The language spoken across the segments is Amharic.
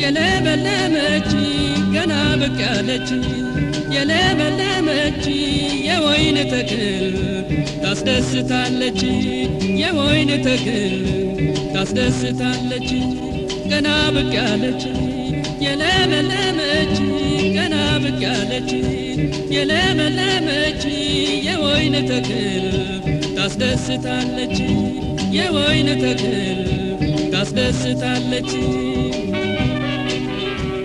ያለች የለመለመች ገና ብቅ ያለች የለመለመች የወይን ተክል ታስደስታለች የወይን ተክል ታስደስታለች ገና ብቅ ያለች የለመለመች ገና ብቅ ያለች የለመለመች የወይን ተክል ታስደስታለች የወይን ተክል ታስደስታለች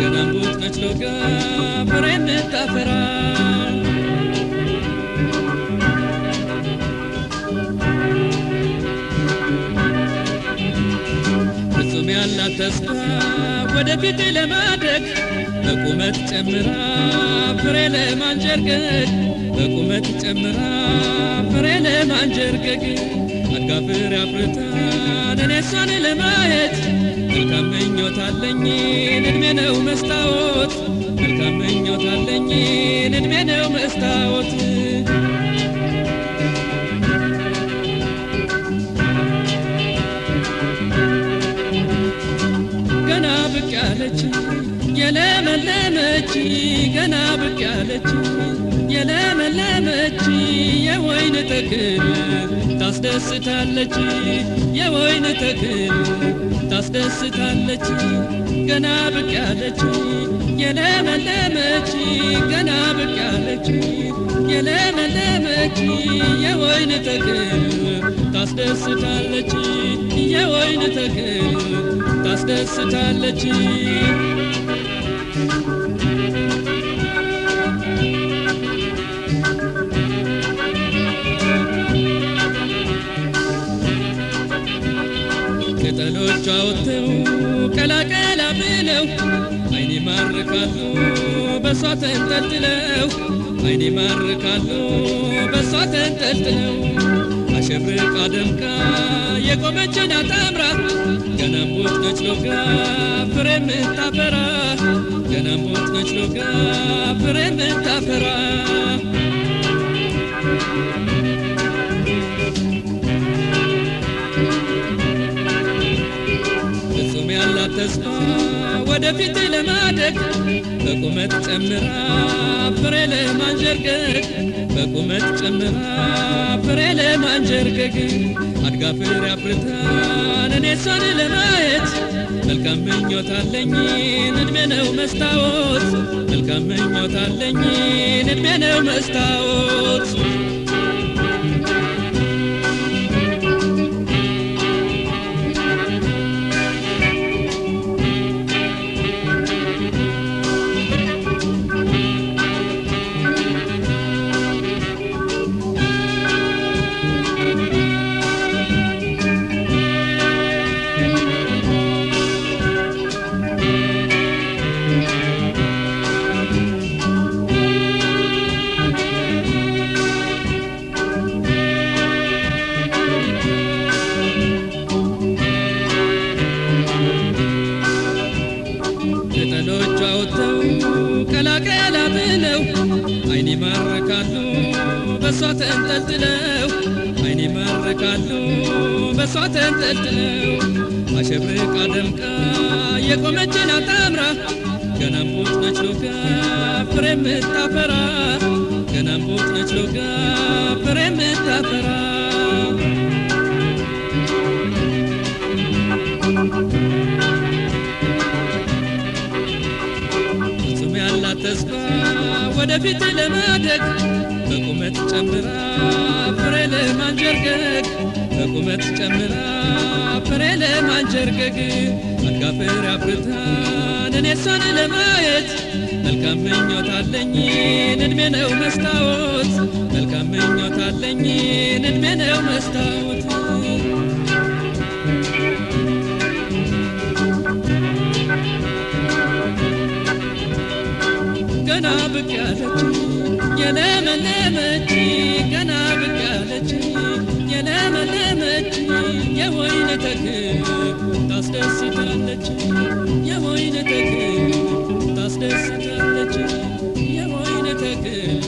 ገናሞች ነችሎጋ ፍሬ የምታፈራ ፍጹም ያላት ተስፋ ወደፊት ለማደግ በቁመት ጨምራ ፍሬ ለማንጀርገግ በቁመት ጨምራ ፍሬ ለማንጀርገግ አጋፍር ፍሬ አፍርታ ግን እሷን ለማየት መልካም ምኞት አለኝ እድሜ ነው መስታወት መልካም ምኞት አለኝ እድሜ ነው መስታወት ገና ብቅ ያለች የለመለመች ገና ብቅ ያለች የለመለመች የወይን ተክል ታስደስታለች የወይን ተክል ታስደስታለች ገና ብቅ ያለች የለመለመች ገና ብቅ ያለች የለመለመች የወይን ተክል ታስደስታለች የወይን ተክል ታስደስታለች ቀኖቹ አውጥተው ቀላቀላ ብለው አይኔ ማርካሉ በሷ ተንጠልጥለው አይኔ ማርካሉ በሷ ተንጠልጥለው አሸብርቃ ደምቃ የቆመችን አታምራ ገና ሞት ነች ሎጋ ፍሬ ምታፈራ ገና ሞት ነች ሎጋ ፍሬ ምታፈራ በኩራት ተስፋ ወደፊት ለማደግ በቁመት ጨምራ ፍሬ ለማንጀርገግ በቁመት ጨምራ ፍሬ ለማንጀርገግ አድጋ ፍሬ አፍርታን እኔ እሷን ለማየት መልካም ምኞት አለኝ እድሜ ነው መስታወት መልካም ምኞት አለኝ እድሜ ነው መስታወት ተንጠልጥለው አይን ይመርቃሉ በእሷ ተንጠልጥለው አሸብርቃ ደምቃ የቆመችን አታምራ ገና እምቦጭ ነች ሎጋ ፍሬ የምታፈራ ገና እምቦጭ ነች ሎጋ ፍሬ የምታፈራ ፍጹም ያላት ተስፋ ወደፊት ለማደግ በቁመት ጨምራ ፍሬ ለማንጀርገግ በቁመት ጨምራ ፍሬ ለማንጀርገግ አጋፍር አብርታን እኔ እሷን ለማየት መልካም ምኞት አለኝ እድሜ ነው መስታወት መልካም ምኞት አለኝ እድሜ ነው መስታወት ተክል ታስደስታለች የወይን ተክል ታስደስታለች የወይን ተክል